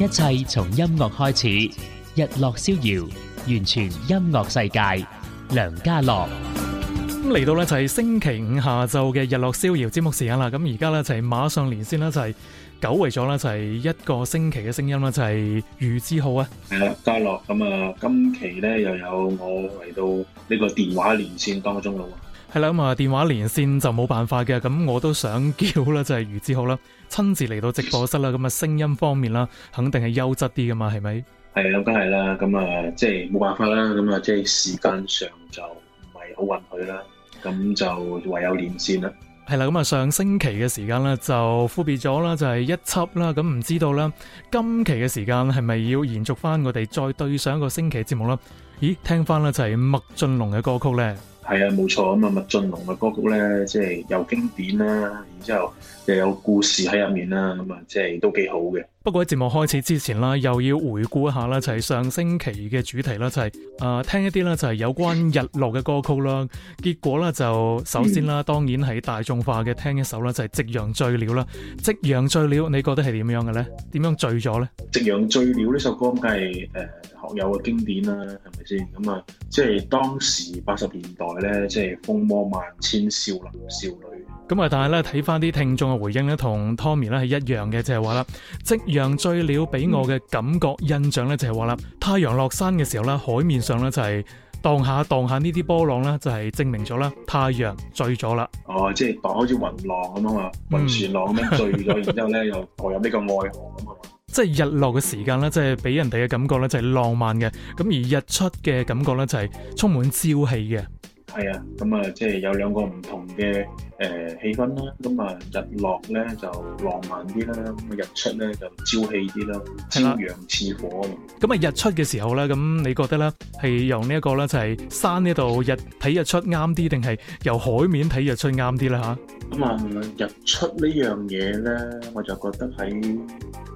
一切從音樂開始，日落逍遙，完全音樂世界。梁嘉樂，咁嚟到咧就係、是、星期五下晝嘅日落逍遙節目時間啦。咁而家咧就係、是、馬上連線啦，就係、是、久違咗啦，就係、是、一個星期嘅聲音啦，就係、是、俞志浩啊。係啦、啊，嘉樂，咁啊，今期咧又有我嚟到呢個電話連線當中啦。係啦，咁啊電話連線就冇辦法嘅，咁我都想叫啦，就係俞志浩啦，親自嚟到直播室啦，咁啊 聲音方面啦，肯定係優質啲噶嘛，係咪？係啦梗係啦，咁啊即係冇辦法啦，咁啊即係時間上就唔係好允許啦，咁就唯有連線啦。係啦，咁啊上星期嘅時間咧就分別咗啦，就係、是、一輯啦，咁唔知道咧今期嘅時間係咪要延續翻我哋再對上一個星期節目啦？咦，聽翻啦就係麥浚龍嘅歌曲咧。係啊，冇錯，咁啊，麥浚龍嘅歌曲呢，即係又經典啦，然後又有故事喺入面啦，咁啊，即係都幾好嘅。不過喺節目開始之前啦，又要回顧一下啦，就係上星期嘅主題啦，就是，就係誒聽一啲啦，就係有關日落嘅歌曲啦。結果咧就首先啦，嗯、當然係大眾化嘅聽一首啦，就是，就係《夕陽醉了》啦，《夕陽醉了》，你覺得係點樣嘅呢？點樣醉咗呢？《夕陽醉了》呢首歌梗係誒學友嘅經典啦，係咪先？咁啊，即係當時八十年代咧，即係風魔萬千少男少女。咁啊，但係咧睇翻啲聽眾嘅回應咧，同 Tommy 咧係一樣嘅，就係話啦，夕陽醉了俾我嘅感覺、嗯、印象咧，就係話啦，太陽落山嘅時候呢，海面上咧就係、是、蕩下蕩下呢啲波浪咧，就係、是、證明咗啦，太陽醉咗啦。哦，即係蕩好似雲浪咁啊嘛，雲船浪咁樣、嗯、醉咗，然之後咧 又墮入呢個愛河咁啊嘛。即係日落嘅時間咧，即係俾人哋嘅感覺咧，就係浪漫嘅。咁而日出嘅感覺咧，就係、是、充滿朝氣嘅。係啊，咁、嗯、啊，即、就、係、是、有兩個唔同嘅誒氣氛啦。咁、嗯、啊，日落咧就浪漫啲啦，咁日出咧就朝氣啲啦。朝陽似火。咁啊，日出嘅時候咧，咁你覺得咧，係由呢一個咧就係山呢度日睇日出啱啲，定係由海面睇日出啱啲咧？吓，咁啊，日出呢樣嘢咧，我就覺得喺誒、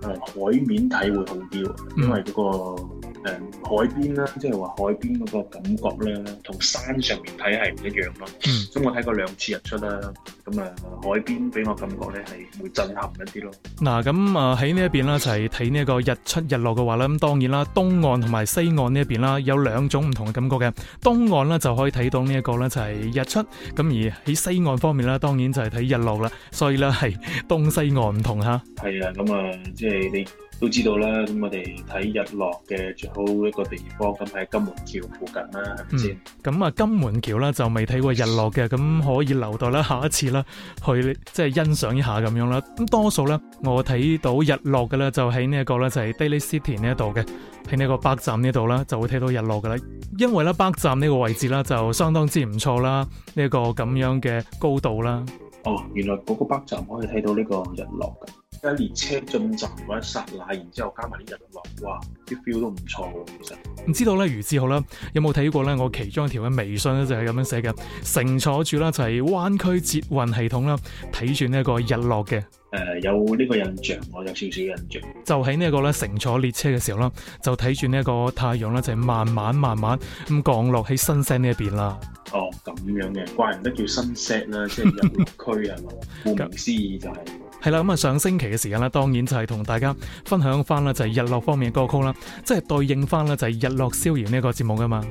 呃、海面睇會好啲，因為嗰、那個誒、呃、海邊啦，即係話海邊嗰個感覺咧，同山上面睇。係唔一樣咯，咁我睇過兩次日出啦，咁啊海邊俾我感覺咧係會震撼一啲咯。嗱，咁啊喺呢一邊啦，就係睇呢一個日出日落嘅話咧，咁當然啦，東岸同埋西岸呢一邊啦，有兩種唔同嘅感覺嘅。東岸咧就可以睇到呢一個咧就係日出，咁而喺西岸方面啦，當然就係睇日落啦。所以咧係東西岸唔同吓。係啊，咁啊即係你。都知道啦，咁我哋睇日落嘅最好一個地方咁喺金門橋附近啦，係咪先？咁啊、嗯，金門橋啦就未睇過日落嘅，咁 可以留待啦下一次啦，去即係欣賞一下咁樣啦。咁多數咧，我睇到日落嘅咧就喺呢一個咧就係、是、City 呢一度嘅，喺呢個北站呢度啦就會睇到日落嘅啦，因為咧北站呢個位置啦就相當之唔錯啦，呢、這、一個咁樣嘅高度啦。哦，原來嗰個北站可以睇到呢個日落嘅。而家列車進站嗰一剎那，然之後加埋啲日落，哇，啲 feel 都唔錯喎。其實唔知道咧，俞志浩啦，有冇睇過咧？我其中一條嘅微信咧就係咁樣寫嘅：乘坐住啦，就係灣區捷運系統啦，睇住呢一個日落嘅。誒、呃，有呢個印象，我有少少印象。就喺呢一個咧，乘坐列車嘅時候啦，就睇住呢一個太陽啦，就係慢慢慢慢咁降落喺 Sunset 呢一邊啦。哦，咁樣嘅，怪唔得叫 Sunset 啦，即係 日落區係嘛？顧名思義就係、是。係啦，咁啊上星期嘅時間咧，當然就係同大家分享翻啦，就係日落方面嘅歌曲啦，即係對應翻咧就係日落逍遙呢個節目噶嘛。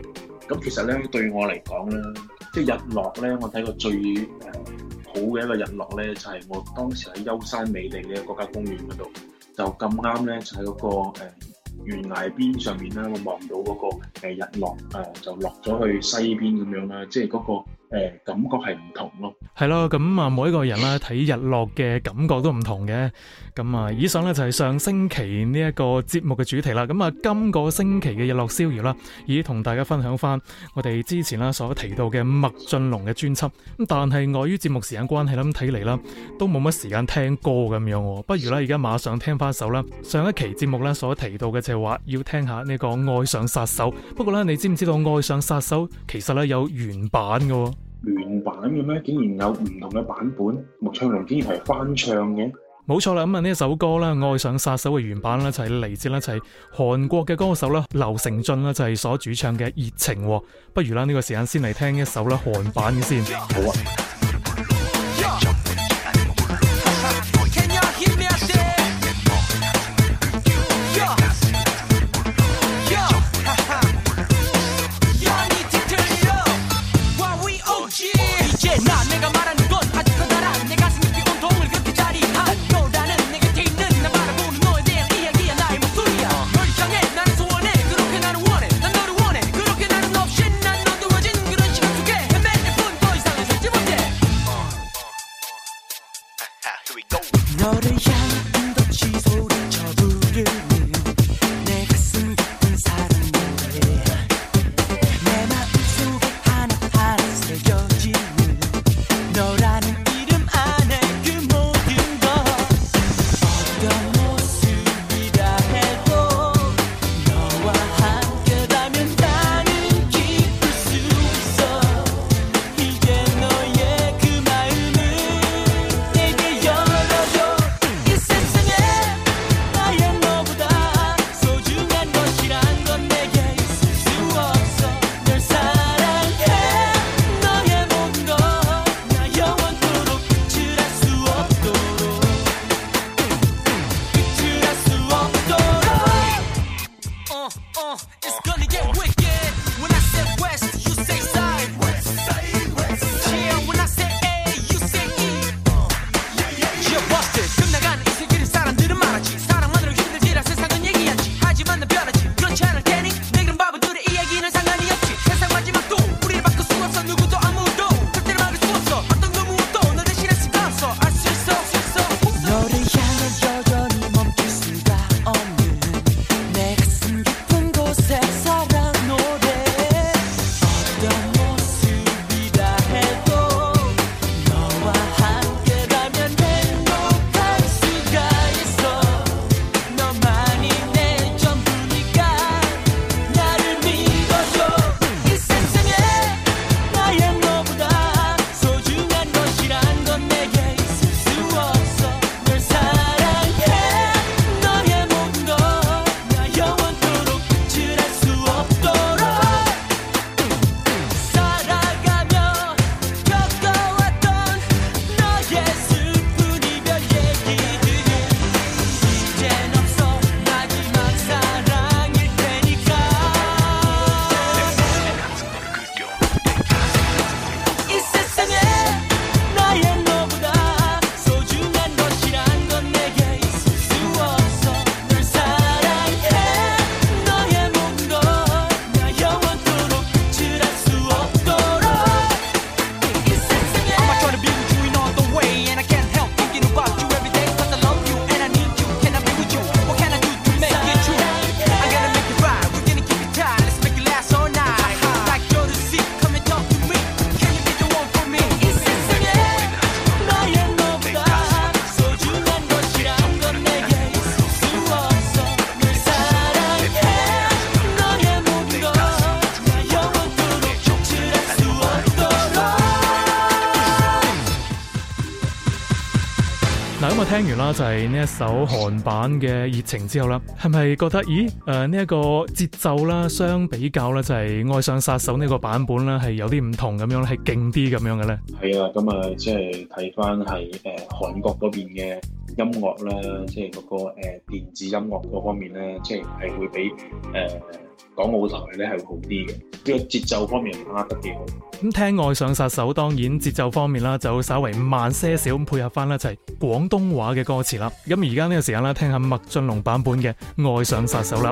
咁其實咧對我嚟講咧，即係日落咧，我睇過最誒好嘅一個日落咧，就係、是、我當時喺優山美地嘅國家公園嗰度，就咁啱咧就喺嗰個誒懸崖邊上面咧，我望到嗰個誒日落誒、呃、就落咗去西邊咁樣啦，即係嗰、那個。誒，感覺係唔同咯，係咯，咁啊，每一個人啦睇日落嘅感覺都唔同嘅，咁啊，以上呢就係上星期呢一個節目嘅主題啦，咁啊，今個星期嘅日落逍遙啦，已經同大家分享翻我哋之前啦所提到嘅麥浚龍嘅專輯，咁但係礙於節目時間關係啦，睇嚟啦都冇乜時間聽歌咁樣，不如呢，而家馬上聽翻首啦，上一期節目呢所提到嘅就係話要聽下呢、呢個愛上殺手，不過呢，你知唔知道愛上殺手其實呢有原版喎？原版嘅咩？竟然有唔同嘅版本。麥浚龍竟然係翻唱嘅，冇錯啦。咁啊呢一首歌咧，《愛上殺手》嘅原版咧就係嚟自啦，就係韓國嘅歌手啦，劉成俊啦就係所主唱嘅熱情。不如啦，呢個時間先嚟聽一首咧韓版先好啊。就係呢一首韓版嘅熱情之後啦，係咪覺得咦？誒呢一個節奏啦，相比較咧就係、係、愛上殺手呢、呢個版本啦，係有啲唔同咁樣咧，係勁啲咁樣嘅咧？係啊，咁啊即係睇翻係誒韓國嗰邊嘅。音樂啦，即係嗰個誒電子音樂嗰方面咧，即係係會比誒港澳台咧係會好啲嘅，呢個節奏方面啊得幾好。咁聽《愛上殺手》，當然節奏方面啦，就稍微慢些少咁配合翻一齊廣東話嘅歌詞啦。咁而家呢個時間啦，聽下麥浚龍版本嘅《愛上殺手》啦。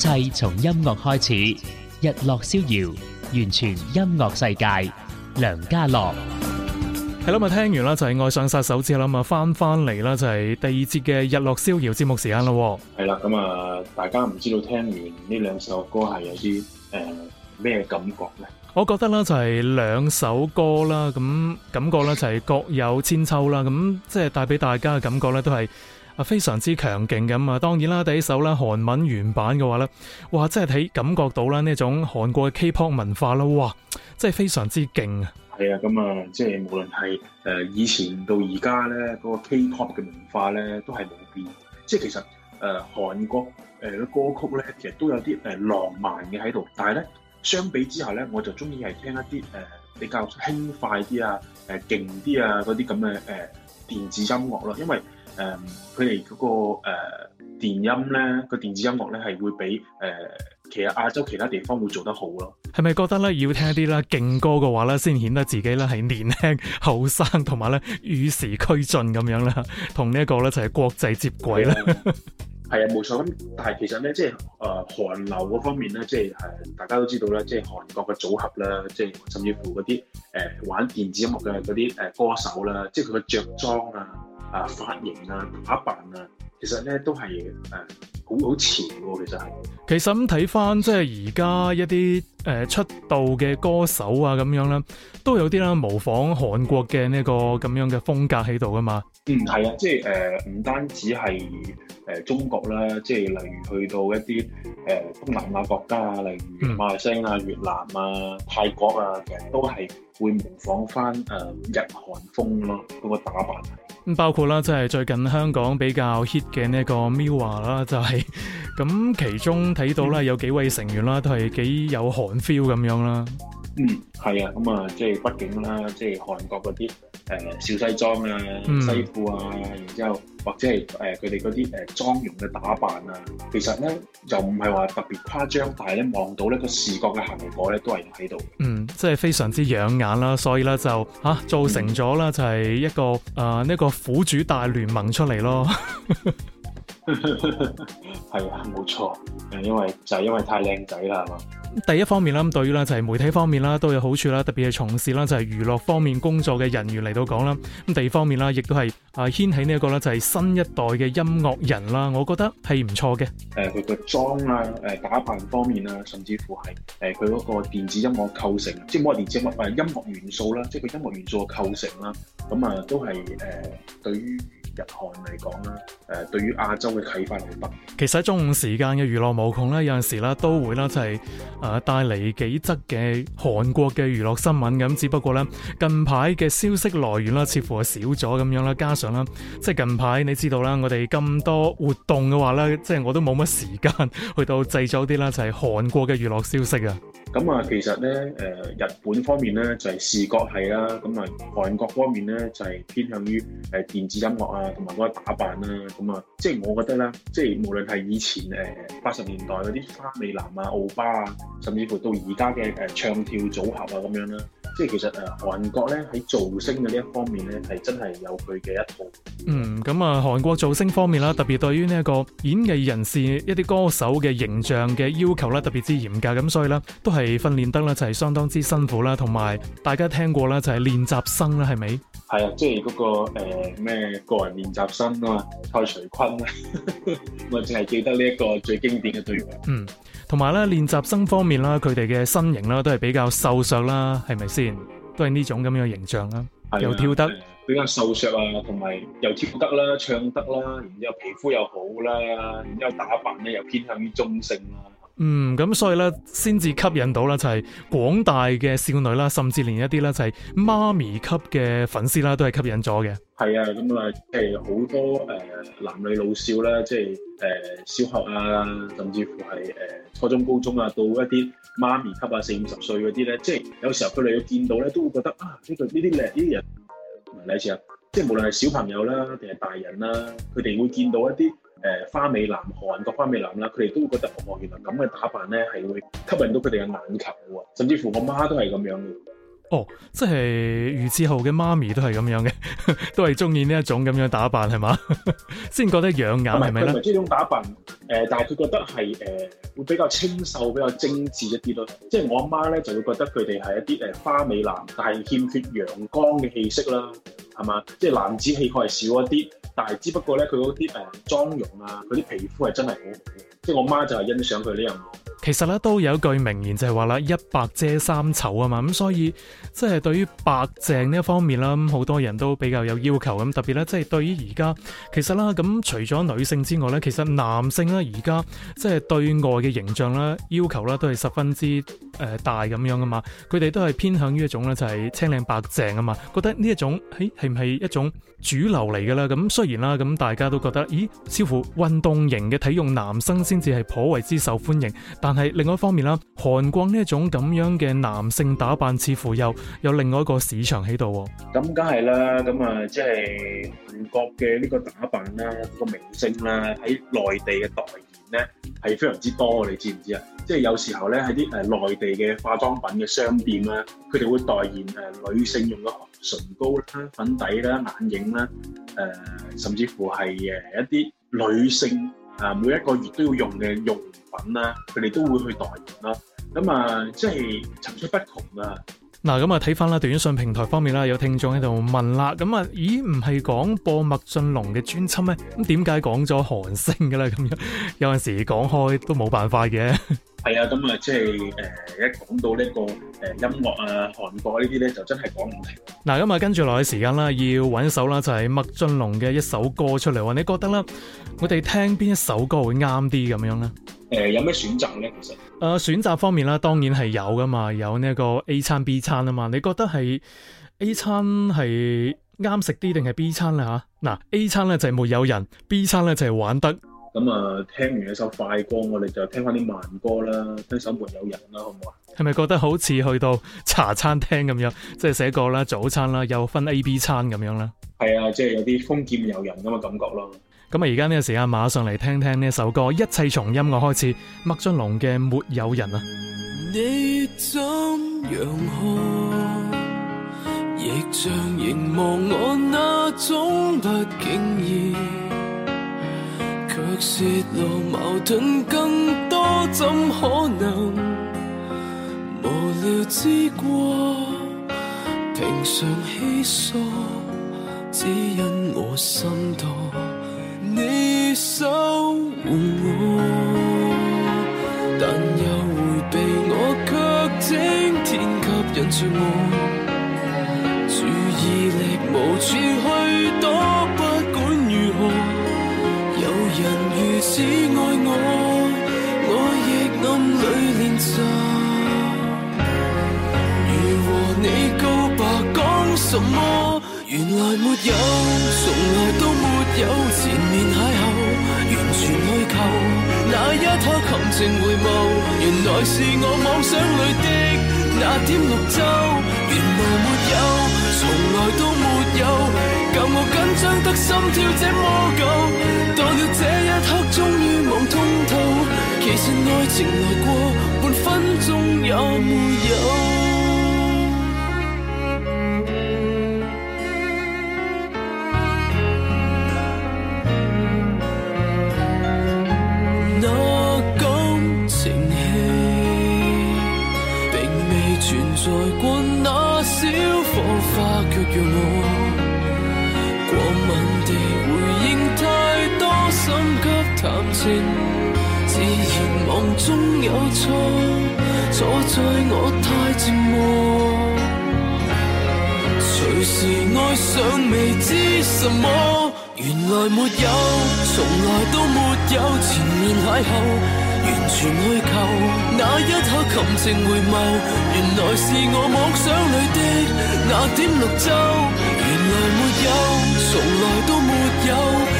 一切從音樂開始，日落逍遙，完全音樂世界。梁家樂，係咯，咪聽完啦，就係、是《愛上殺手》之後啦，咪翻翻嚟啦，就係第二節嘅《日落逍遙》節目時間咯。係啦，咁啊，大家唔知道聽完呢兩首歌係有啲誒咩感覺呢？我覺得呢就係兩首歌啦，咁感覺呢就係各有千秋啦，咁即係帶俾大家嘅感覺呢都係。非常之強勁咁啊！當然啦，第一首啦，韓文原版嘅話咧，哇，真係睇感覺到啦呢種韓國嘅 K-pop 文化啦，哇，真係非常之勁啊！係啊，咁啊，即係無論係誒以前到而家咧，嗰個 K-pop 嘅文化咧都係冇變。即係其實誒，韓國誒歌曲咧，其實都有啲誒浪漫嘅喺度。但係咧，相比之下咧，我就中意係聽一啲誒比較輕快啲啊，誒勁啲啊嗰啲咁嘅誒電子音樂咯，因為，誒佢哋嗰個誒、呃、電音咧，個電子音樂咧係會比誒、呃、其實亞洲其他地方會做得好咯。係咪覺得咧要聽一啲啦勁歌嘅話咧，先顯得自己咧係年輕後生同埋咧與時俱進咁樣啦，同呢一個咧就係、是、國際接軌咧。係、嗯、啊，冇錯。咁但係其實咧，即係誒韓流嗰方面咧，即係誒大家都知道咧，即、就、係、是、韓國嘅組合啦，即、就、係、是、甚至乎嗰啲誒玩電子音樂嘅嗰啲誒歌手啦，即係佢嘅着裝啊。啊，髮型啊，打扮啊，其實呢都係誒好好前嘅喎，其實、啊、其實咁睇返即係而家一啲，誒出道嘅歌手啊，咁樣啦，都有啲啦模仿韓國嘅呢個咁樣嘅風格喺度噶嘛。嗯，係啊，即係誒唔單止係誒、呃、中國啦，即係例如去到一啲誒、呃、東南亞國家啊，例如馬來西亞越南啊、泰國啊，其實都係會模仿翻誒、呃、日韓風咯，個打扮。咁包括啦，即係最近香港比較 hit 嘅呢個 Mirror 啦，就係咁其中睇到啦，有幾位成員啦、嗯、都係幾有韓。feel 咁樣啦、嗯啊，嗯，係、呃、啊，咁啊、嗯，即係畢竟啦，即係韓國嗰啲誒小西裝啊、西褲啊，然之後或者係誒佢哋嗰啲誒妝容嘅打扮啊，其實咧又唔係話特別誇張，但係咧望到呢個視覺嘅效果咧都係喺度，嗯，即係非常之養眼啦，所以咧就吓、啊、造成咗咧就係一個誒呢、嗯呃這個苦主大聯盟出嚟咯。 係 啊，冇錯，誒，因為就係、是、因為太靚仔啦，係嘛。第一方面啦，對於咧就係媒體方面啦，都有好處啦，特別係從事啦就係娛樂方面工作嘅人員嚟到講啦。咁第二方面啦，亦都係誒掀起呢一個咧，就係新一代嘅音樂人啦。我覺得係唔錯嘅。誒，佢個妝啊，誒打扮方面啊，甚至乎係誒佢嗰個電子音樂構成，即係冇係電子音誒音樂元素啦，即係佢音樂元素嘅構成啦。咁啊，都係誒對於。日韓嚟講啦，誒對於亞洲嘅啟發嚟講，其實喺中午時間嘅娛樂無窮咧，有陣時咧都會咧，就係誒帶嚟幾則嘅韓國嘅娛樂新聞咁。只不過咧近排嘅消息來源咧，似乎係少咗咁樣啦。加上咧，即係近排你知道啦，我哋咁多活動嘅話咧，即係我都冇乜時間去到製造啲啦，就係韓國嘅娛樂消息啊。咁啊，其實咧誒日本方面咧就係視覺系啦，咁啊韓國方面咧就係偏向於誒電子音樂啊。同埋嗰個打扮啦，咁啊，即係我覺得咧，即係無論係以前誒八十年代嗰啲花美男啊、奧巴啊，甚至乎到而家嘅誒唱跳組合啊咁樣啦。即係其實誒韓國咧喺造星嘅呢一方面咧係真係有佢嘅一套。嗯，咁啊韓國造星方面啦，特別對於呢一個演藝人士一啲歌手嘅形象嘅要求咧特別之嚴格，咁所以咧都係訓練得啦，就係相當之辛苦啦，同埋大家聽過啦就係練習生啦係咪？係啊，即係嗰、嗰個咩、呃、個人練習生啊嘛，蔡徐坤啊， 我淨係記得呢一個最經典嘅對白。嗯。同埋咧，練習生方面啦，佢哋嘅身形啦，都係比較瘦削啦，係咪先？都係呢種咁樣嘅形象啦，的又跳得比較瘦削啊，同埋又跳得啦、唱得啦，然之後皮膚又好啦，然之後打扮咧又偏向於中性啦。嗯，咁所以咧，先至吸引到啦，就係廣大嘅少女啦，甚至連一啲咧就係媽咪級嘅粉絲啦，都係吸引咗嘅。係啊，咁、嗯、啊，即係好多誒、呃、男女老少啦，即係誒、呃、小學啊，甚至乎係誒、呃、初中、高中啊，到一啲媽咪級啊，四五十歲嗰啲咧，即係有時候佢哋會見到咧，都會覺得啊，呢度呢啲靚啲人嚟住啊！即係無論係小朋友啦、啊，定係大人啦、啊，佢哋會見到一啲。誒花美男、韓國花美男啦，佢哋都會覺得哦，原來咁嘅打扮咧係會吸引到佢哋嘅眼球喎，甚至乎我媽都係咁樣嘅。哦，即係俞志浩嘅媽咪都係咁樣嘅， 都係中意呢一種咁樣打扮係嘛？先 覺得養眼係咪咧？呢是嗎種打扮誒、呃，但係佢覺得係誒、呃、會比較清秀、比較精緻一啲咯。即、就、係、是、我阿媽咧就會覺得佢哋係一啲誒花美男，但係欠缺陽光嘅氣息啦，係嘛？即、就、係、是、男子氣概係少一啲。但係，只不過咧，佢嗰啲誒妝容啊，佢啲皮膚係真係好好嘅，即係我媽就係欣賞佢呢樣嘢。其實咧都有一句名言就係話啦，一白遮三醜啊嘛，咁所以即係對於白淨呢一方面啦，咁好多人都比較有要求咁，特別咧即係對於而家，其實啦咁除咗女性之外呢，其實男性啦，而家即係對外嘅形象啦，要求啦都係十分之誒、呃、大咁樣噶嘛，佢哋都係偏向於一種呢，就係、是、清靚白淨啊嘛，覺得呢一種誒係唔係一種主流嚟嘅啦？咁雖然啦，咁大家都覺得，咦，似乎運動型嘅體育男生先至係頗為之受歡迎，但係另外一方面啦，韓國呢一種咁樣嘅男性打扮，似乎又有另外一個市場喺度。咁梗係啦，咁啊即係韓國嘅呢個打扮啦，個明星啦喺內地嘅代言咧係非常之多，你知唔知啊？即係有時候咧喺啲誒內地嘅化妝品嘅商店啦，佢哋會代言誒女性用嘅唇膏啦、粉底啦、眼影啦，誒甚至乎係誒一啲女性。啊，每一個月都要用嘅用品啦，佢哋都會去代言啦。咁啊，即係層出不窮啊。嗱、啊，咁啊睇翻啦，短信平台方面啦，有聽眾喺度問啦。咁啊，咦，唔係講播麥浚龍嘅專輯咩？咁點解講咗韓星嘅呢？咁樣有陣時講開都冇辦法嘅。 係啊，咁、就是呃這個呃、啊，即係誒，一講到呢個誒音樂啊，韓國呢啲咧，就真係講唔明。嗱，咁啊，跟住落去時間啦，要揾一首啦，就係麥浚龍嘅一首歌出嚟喎。你覺得啦，我哋聽邊一首歌會啱啲咁樣咧？誒、呃，有咩選擇咧？其實誒、啊，選擇方面啦，當然係有噶嘛，有呢一個 A 餐 B 餐啊嘛。你覺得係 A 餐係啱食啲定係 B 餐咧吓？嗱、啊、，A 餐咧就係沒有人，B 餐咧就係玩得。咁啊，聽完一首快歌，我哋就聽翻啲慢歌啦，聽首《沒有人》啦，好唔好啊？係咪覺得好似去到茶餐廳咁樣，即係寫歌啦、早餐啦，又分 A、B 餐咁樣啦？係啊，即係有啲豐儉由人咁嘅感覺咯。咁啊，而家呢個時間馬上嚟聽聽呢首歌，一切從音樂開始，麥浚龍嘅《沒有人》啊。你怎樣看，亦像凝望我那種不經意。若洩露矛盾更多，怎可能無聊之過？平常稀疏，只因我心多你守護我，但又回避我，卻整天吸引住我注意力無，什麼？原來沒有，從來都沒有，前面邂逅，完全虛構。那一刻含情回眸，原來是我妄想裏的那點綠洲。原來沒有，從來都沒有，教我緊張得心跳這麼久。到了這一刻，終於望通透，其實愛情來過，半分鐘也沒有。錯，錯在我太寂寞，隨時愛上未知什麼，原來沒有，從來都沒有，纏綿邂逅，完全虛構。那一刻含情回眸，原來是我妄想裏的那點綠洲，原來沒有，從來都沒有。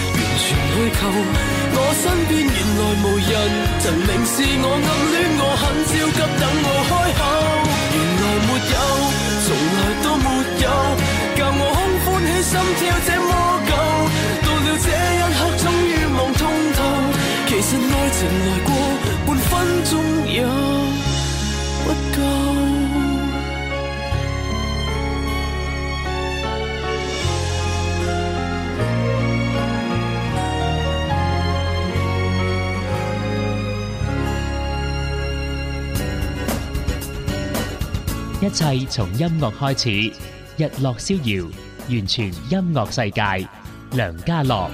全虛構，我身邊原來無人，曾明示我暗戀我，很焦急等我開口，原來沒有，從來都沒有，教我空歡喜心跳這麼久，到了這一刻終於望通透，其實愛情來過半分鐘有。一切從音樂開始，日落逍遙，完全音樂世界。梁嘉樂，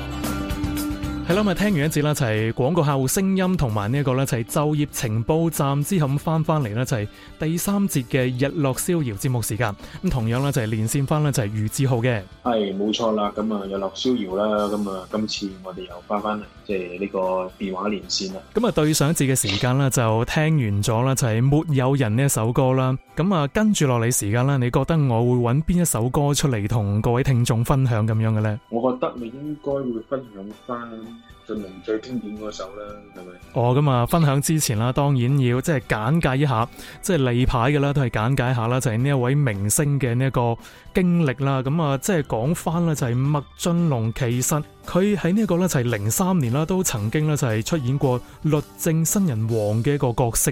係啦，咪聽完一節啦，就係廣告客戶聲音，同埋呢一個咧就係就業情報站之後咁翻翻嚟啦，就係第三節嘅日落逍遙節目時間。咁同樣咧就係連線翻咧就係俞志浩嘅，係冇錯啦。咁啊日落逍遙啦，咁啊今次我哋又翻翻嚟。即係呢個電話連線啦，咁啊對上字嘅時間啦，就聽完咗啦，就係、是、沒有人呢一首歌啦，咁啊跟住落嚟時間啦，你覺得我會揾邊一首歌出嚟同各位聽眾分享咁樣嘅呢？我覺得你應該會分享翻。最最經典嗰首啦，係咪？我咁啊，分享之前啦，當然要即係簡介一下，即係例牌嘅啦，都係簡介一下啦，就係呢一位明星嘅呢一個經歷啦。咁、嗯、啊、嗯，即係講翻咧，就係麥浚龍，其實佢喺呢一個咧，就係零三年啦，都曾經咧，就係出演過《律政新人王》嘅一個角色。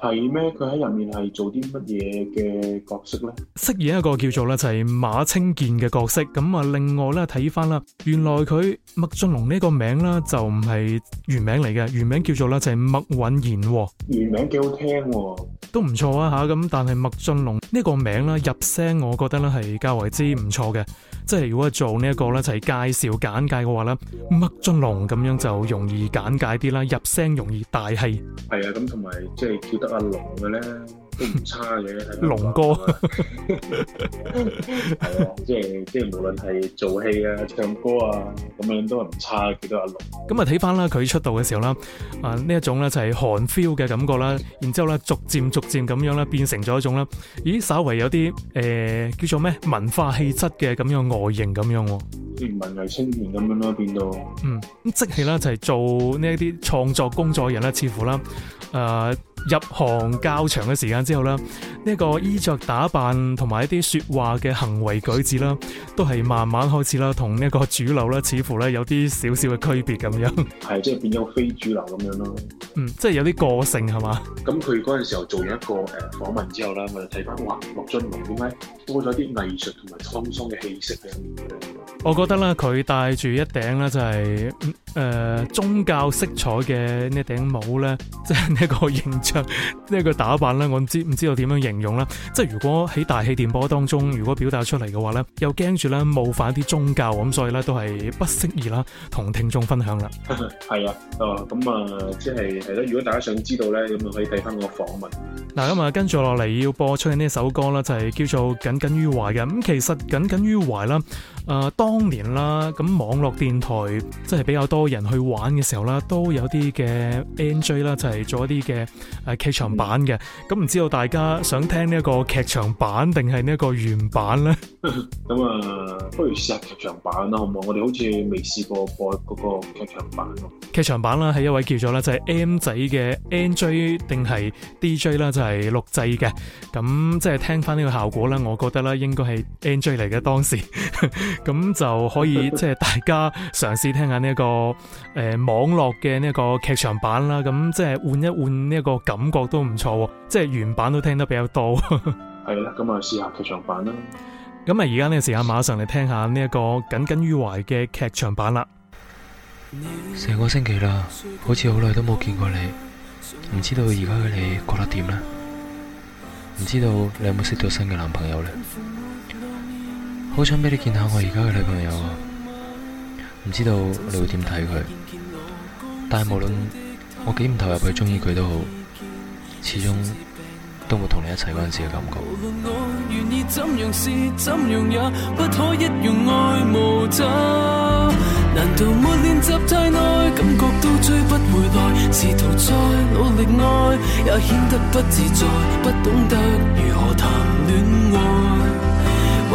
係咩？佢喺入面係做啲乜嘢嘅角色咧？飾演一個叫做咧就係馬青健嘅角色。咁啊，另外咧睇翻啦，原來佢麥浚龍呢個名咧就唔係原名嚟嘅，原名叫做咧就係麥允賢。原名幾好聽。都唔錯啊吓，咁但係麥浚龍呢個名咧入聲，我覺得咧係較為之唔錯嘅，即係如果做呢、這、一個咧就係、是、介紹簡介嘅話咧，麥浚龍咁樣就容易簡介啲啦，入聲容易大氣。係啊，咁同埋即係叫得阿龍嘅咧。都唔差嘅，龍哥係啊，即係即係無論係做戲啊、唱歌啊咁樣都係唔差，幾多阿龍咁啊？睇翻啦，佢出道嘅時候啦，啊呢一種咧就係韓 feel 嘅感覺啦，然之後咧逐漸逐漸咁樣咧變成咗一種咧，咦稍微有啲誒、呃、叫做咩文化氣質嘅咁樣外形咁樣，啲文藝青年咁樣咯，變到嗯咁即係啦，就係做呢一啲創作工作人啦，似乎啦誒。呃入行較長嘅時間之後咧，呢個衣着打扮同埋一啲說話嘅行為舉止啦，都係慢慢開始啦，同呢個主流咧，似乎咧有啲少少嘅區別咁樣。係即係變咗非主流咁樣咯。嗯，即係有啲個性係嘛。咁佢嗰陣時候做一個誒訪問之後咧，我就睇翻哇，陸俊龍點解多咗啲藝術同埋滄桑嘅氣息嘅。我覺得咧，佢戴住一頂咧就係誒宗教色彩嘅呢頂帽咧，即係呢個形象。呢個 打扮咧，我唔知唔知道點樣形容啦。即係如果喺大氣電波當中，如果表達出嚟嘅話咧，又驚住咧冒犯啲宗教咁，所以咧都係不適宜啦，同聽眾分享啦。係 啊，哦，咁啊，即係係咯。如果大家想知道咧，咁就可以睇翻個訪問。嗱，咁啊，跟住落嚟要播出嘅呢首歌啦，就係叫做《耿耿於懷》嘅。咁其實《耿耿於懷》啦。啊、呃，當年啦，咁網絡電台即係比較多人去玩嘅時候啦，都有啲嘅 N J 啦，就係、是、做一啲嘅、啊、劇場版嘅。咁、嗯、唔、嗯、知道大家想聽呢一個劇場版定係呢一個原版咧？咁啊、 呃，不如試下劇，劇，劇場版啦，好唔好？我哋好似未試過播嗰個劇場版喎。劇場版啦，係一位叫做咧就係、是、M 仔嘅 N J 定係 D J 啦，就係錄製嘅。咁、嗯、即係聽翻呢個效果咧，我覺得咧應該係 N J 嚟嘅當時。 咁就可以即係、就是、大家嘗試聽下呢、這、一個誒、呃、網絡嘅呢一個劇場版啦，咁即係換一換呢一個感覺都唔錯，即、就、係、是、原版都聽得比較多。係 啦，咁啊試下劇場版啦。咁啊而家呢個時間馬上嚟聽下呢一個《耿耿於懷》嘅劇場版啦。成個星期啦，好似好耐都冇見過你，唔知道而家嘅你覺得點呢？唔知道你有冇識到新嘅男朋友呢？好想俾你見下我而家嘅女朋友啊！唔知道你會點睇佢，但係無論我幾唔投入去中意佢都好，始終都冇同你一齊嗰陣時嘅感覺。道太耐，感覺都追不回來圖再努力愛也得不自在，不懂得如何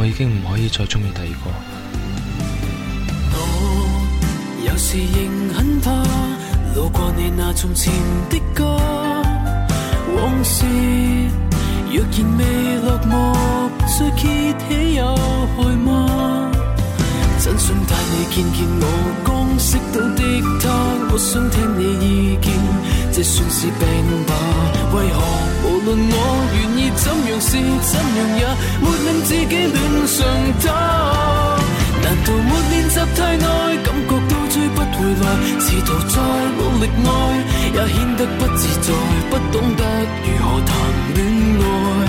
我已經唔可以再鍾意第二個。我有時仍很怕路過你那從前的家，往事若然未落幕，再揭起有害嗎？真想帶你見見我剛識到的他，我想聽你意見，這算是病吧？為何無論我與怎樣是怎樣也沒令自己戀上他，難道沒練習太耐，感覺都追不回來，試圖再努力愛，也顯得不自在，不懂得如何談戀愛，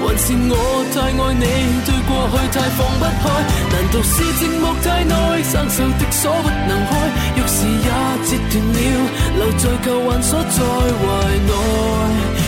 還是我太愛你，對過去太放不開，難道是寂寞太耐，生鏽的鎖不能開，鑰匙也折斷了，留在舊患鎖在懷內。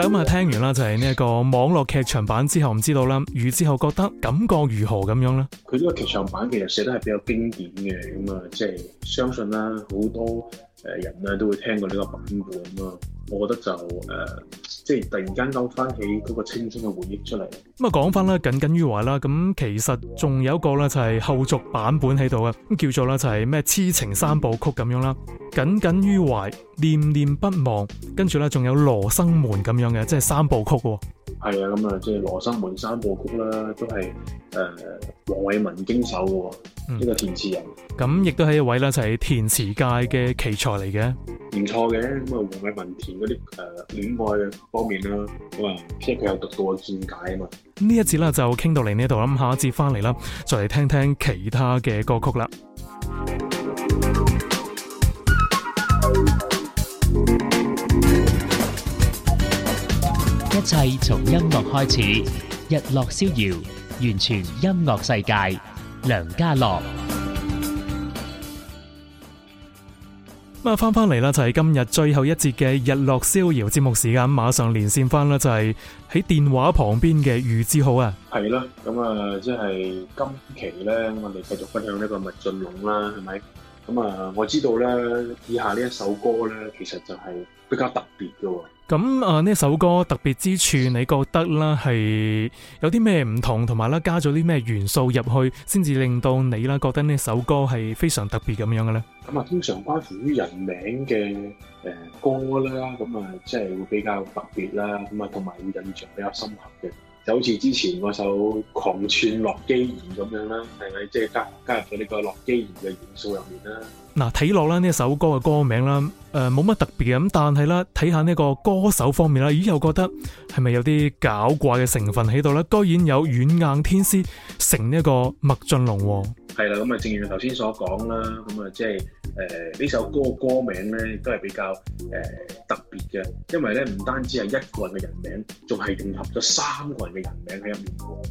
你諗下聽完啦，就係呢一個網絡劇場版之後，唔知道啦，你之後覺得感覺如何咁樣咧？佢呢個劇場版其實寫得係比較經典嘅，咁啊，即係相信啦，好多誒人咧都會聽過呢個版本啊。我覺得就誒，即、呃、係、就是、突然間勾翻起嗰個青春嘅回憶出嚟。咁啊，講翻啦，耿耿於懷啦。咁其實仲有一個咧，就係後續版本喺度嘅，叫做咧就係咩痴情三部曲咁樣啦。耿耿於懷，念念不忘，跟住咧仲有羅生門咁樣嘅，即係三部曲。係啊，咁啊，即係《羅生門》三部曲啦，都係誒黃偉文經手嘅一個填詞人，咁亦都係一位咧，就係填詞界嘅奇才嚟嘅，唔錯嘅。咁啊，黃偉文填嗰啲誒戀愛方面啦，咁、呃、啊，即係佢有獨到嘅見解啊嘛。一節呢一節啦就傾到嚟呢度啦，下一節翻嚟啦，再嚟聽聽其他嘅歌曲啦。一切從音樂開始，日落逍遙，完全音樂世界。梁嘉樂，咁啊，翻翻嚟啦，就係、是、今日最後一節嘅日落逍遙節目時間，馬上連線翻啦，就係、是、喺電話旁邊嘅俞志浩啊，係啦，咁啊，即係今期咧，我哋繼續分享呢個麥晉龍啦，係咪？咁啊，我知道咧，以下呢一首歌咧，其實就係比較特別噶。咁啊呢首歌特別之處，你覺得啦係有啲咩唔同，同埋啦加咗啲咩元素入去，先至令到你啦覺得呢首歌係非常特別咁樣嘅咧？咁啊，經常關乎於人名嘅誒歌啦，咁啊即係會比較特別啦，咁啊同埋會印象比較深刻嘅。就好似之前嗰首《狂串洛基岩》咁樣啦，係咪即係加加入咗呢個洛基岩嘅元素入面啦？嗱，睇落啦呢首歌嘅歌名啦，誒冇乜特別嘅咁，但係啦睇下呢看看個歌手方面啦，咦又覺得係咪有啲搞怪嘅成分喺度咧？居然有軟硬天師成這呢一個麥浚龍喎。係啦，咁啊正如頭先所講啦，咁啊即係。誒呢、呃、首歌歌名呢都係比較誒、呃、特別嘅，因為呢唔單止係一個人嘅人名，仲係融合咗三個人嘅人名喺入面。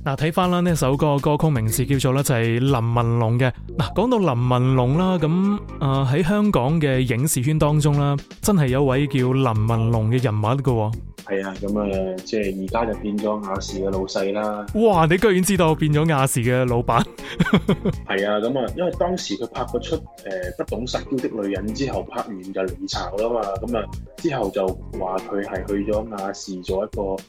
嗱，睇返啦，呢首歌歌曲名字叫做呢就係、是、林文龍嘅。嗱，講到林文龍啦，咁啊喺香港嘅影視圈當中啦，真係有位叫林文龍嘅人物㗎。係啊，咁啊，即係而家就變咗亞視嘅老細啦。哇，你居然知道變咗亞視嘅老闆？係啊，咁啊，因為當時佢拍嗰齣誒、呃《不懂撒嬌的女人》之後拍完就離巢啦嘛，咁啊之後就話佢係去咗亞視做一個誒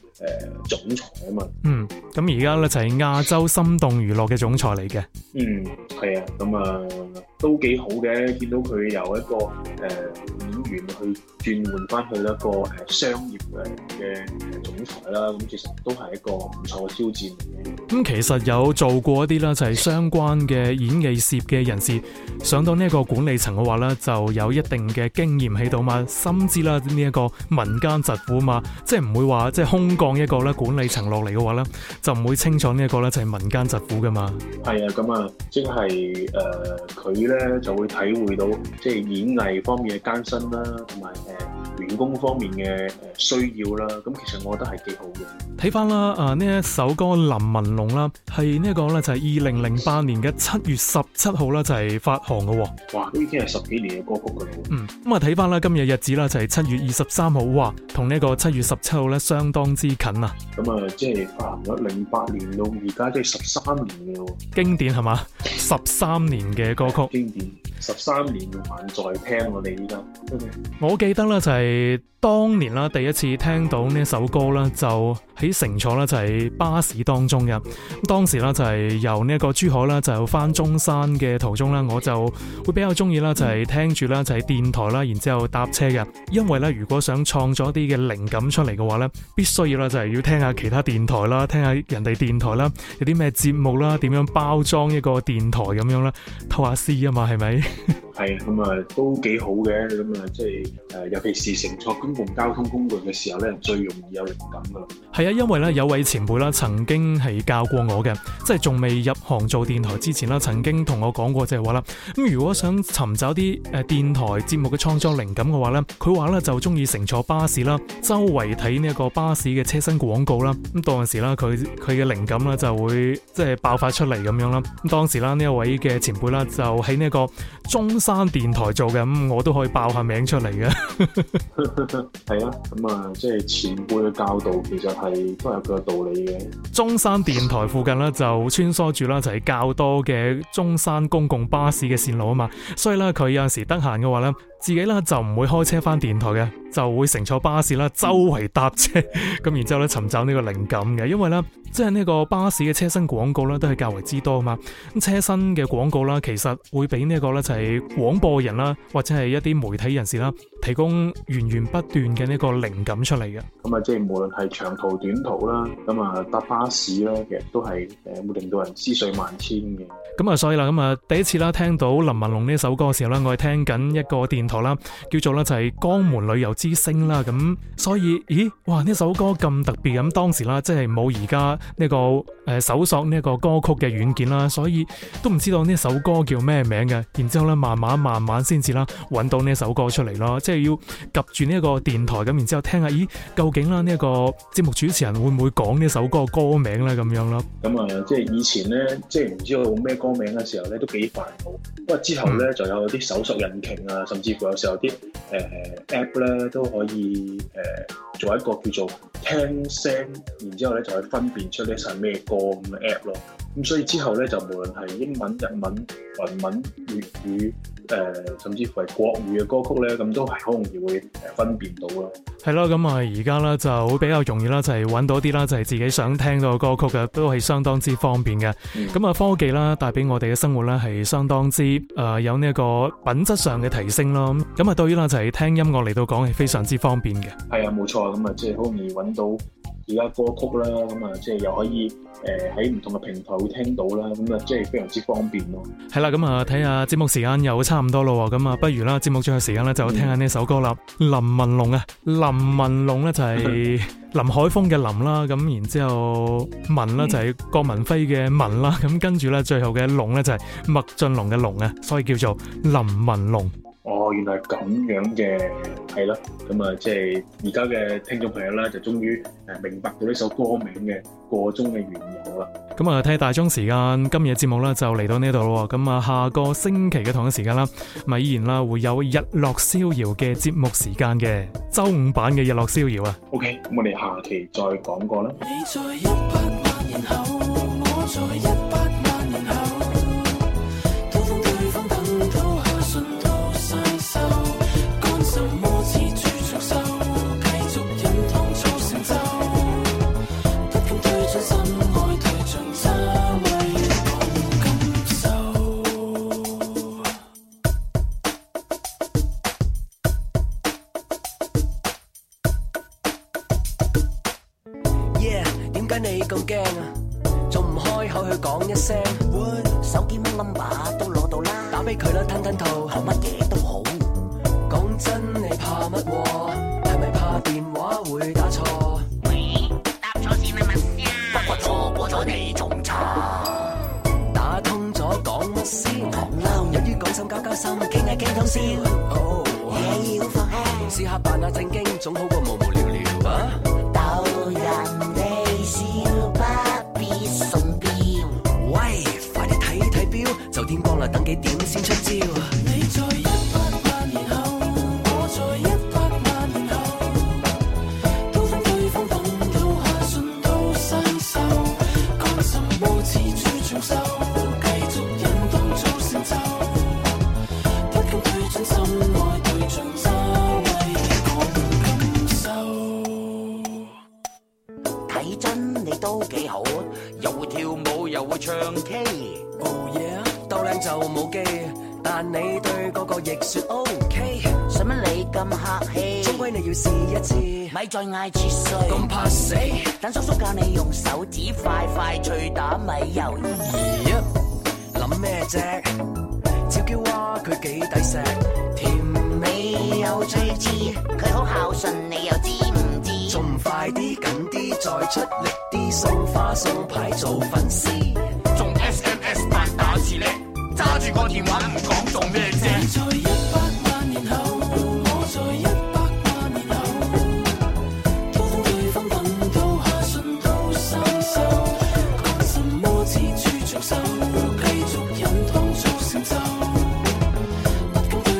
總裁啊嘛。嗯，咁而家咧就係亞洲心動娛樂嘅總裁嚟嘅、嗯啊。嗯，係啊，咁啊都幾好嘅，見到佢有一個誒。呃去轉換翻去一個誒商業嘅嘅總裁啦，咁其實都係一個唔錯嘅挑戰。咁其實有做過一啲啦，就係相關嘅演藝攝嘅人士上到呢一個管理層嘅話咧，就有一定嘅經驗喺度嘛。深知啦呢一個民間疾苦啊嘛，即係唔會話即係空降一個咧管理層落嚟嘅話咧，就唔會清楚呢一個咧就係民間疾苦嘅嘛。係啊，咁啊，即係誒佢咧就會體會到即係演藝方面嘅艱辛啦。同埋誒員工方面嘅誒需要啦，咁其實我覺得係幾好嘅。睇翻啦，啊呢一首歌林文龍啦，係呢、這個咧就係二零零八年嘅七月十七號啦，就係、是、發行嘅。哇，都已經係十幾年嘅歌曲啦。嗯，咁啊睇翻啦今日日子啦就係七月二十三號，哇，同呢個七月十七號咧相當之近啊。咁啊，即係發行咗零八年到而家即係十三年嘅經典係嘛，十三年嘅歌曲經典。十三年還在聽我哋依家，okay. 我記得咧就係當年啦，第一次聽到呢首歌啦，就喺乘坐啦，就係巴士當中嘅。當時咧就係由呢一個珠海啦，就翻中山嘅途中啦。我就會比較中意啦，就係聽住啦，就係電台啦，然之後搭車嘅。因為咧，如果想創作一啲嘅靈感出嚟嘅話咧，必須要咧就係要聽下其他電台啦，聽下人哋電台啦，有啲咩節目啦，點樣包裝一個電台咁樣啦，偷下師啊嘛，係咪？係咁啊，都幾 好嘅咁啊，即係誒，尤其是乘坐公共交通工具嘅時候咧，最容易有靈感噶啦。係啊，因為咧有位前輩啦，曾經係教過我嘅，即係仲未入行做電台之前啦，曾經同我講過就係話，即係話啦，咁如果想尋找啲誒電台節目嘅創作靈感嘅話咧，佢話咧就中意乘坐巴士啦，周圍睇呢一個巴士嘅車身廣告啦，咁當陣時啦，佢佢嘅靈感啦就會即係爆發出嚟咁樣啦。咁當時啦，呢一位嘅前輩啦，就喺呢個。中山電台做嘅，咁、嗯、我都可以爆下名出嚟嘅。係 啊，咁啊，即係前輩嘅教導，其實係都有個道理嘅。中山電台附近咧就穿梭住啦，就係、是、較多嘅中山公共巴士嘅綫路啊嘛，所以咧佢有陣時得閒嘅話咧。自己啦就唔會開車翻電台嘅，就會乘坐巴士啦，周圍搭車咁，然之後咧尋找呢個靈感嘅，因為咧即係呢個巴士嘅車身廣告咧都係較為之多啊嘛，咁車身嘅廣告啦，其實會俾呢個咧就係、是、廣播人啦，或者係一啲媒體人士啦，提供源源不斷嘅呢個靈感出嚟嘅。咁啊，即係無論係長途短途啦，咁啊搭巴士啦，其實都係誒會令到人思緒萬千嘅。咁啊，所以啦，咁啊第一次啦聽到林文龍呢首歌嘅時候咧，我係聽緊一個電台啦，叫做咧就係江門旅遊之星啦，咁所以，咦，哇呢首歌咁特別咁，當時啦即係冇而家呢個誒、呃、搜索呢個歌曲嘅軟件啦，所以都唔知道呢首歌叫咩名嘅，然之後咧慢慢慢慢先至啦搵到呢首歌出嚟咯，即係要及住呢一個電台咁，然之後聽下，咦究竟啦呢一、呢個節目主持人會唔會講呢首歌嘅歌名咧咁樣咯？咁啊、嗯，即係以前呢，即係唔知道咩歌名嘅時候咧，都幾煩惱。不過之後咧就有啲搜索引擎啊，甚至有時候啲誒 app 咧都可以誒做一個叫做聽聲，然之後咧就去分辨出呢首咩歌咁嘅 app 咯。咁所以之後咧就無論係英文、日文、文文、粵語。誒、呃，甚至乎係國語嘅歌曲咧，咁都係好容易會誒分辨到咯。係咯，咁啊而家咧就比較容易啦，就係揾到啲啦，就係自己想聽到嘅歌曲嘅，都係相當之方便嘅。咁啊、嗯，科技啦帶俾我哋嘅生活咧，係相當之誒、呃、有呢一個品質上嘅提升咯。咁啊，對於啦就係聽音樂嚟到講，係非常之方便嘅。係啊，冇錯啊，咁啊即係好容易揾到。而家歌曲啦，咁、嗯、啊，即係又可以誒喺唔同嘅平台會聽到啦，咁啊，即係非常之方便咯。係啦，咁啊，睇下節目時間又差唔多咯，咁啊，不如啦，節目最後時間咧就聽下呢首歌啦。嗯、林文龍啊，林文龍咧就係林海峰嘅林啦，咁然之後文啦就係郭文輝嘅文啦，咁、嗯、跟住咧最後嘅龍咧就係麥浚龍嘅龍啊，所以叫做林文龍。哦，原來係咁樣嘅，係咯，咁啊，即係而家嘅聽眾朋友啦，就終於誒明白到呢首歌名嘅個中嘅緣由啦。咁啊，睇大鐘時間，今日嘅節目啦就嚟到呢度咯。咁啊，下個星期嘅同一時間啦，咪依然啦會有日落逍遙嘅節目時間嘅周五版嘅日落逍遙啊。OK，咁我哋下期再講過啦。點先出招啊？咪再嗌切碎，咁怕死？等叔叔教你用手指快快脆打米油。咦？諗咩啫？照嬌娃，佢幾、啊、抵食，甜美又最滋，佢好孝順，你又知唔知？仲快啲，緊啲，再出力啲，送花送牌做粉絲，仲 S M S 八打字咧，揸住個電話唔講，做咩？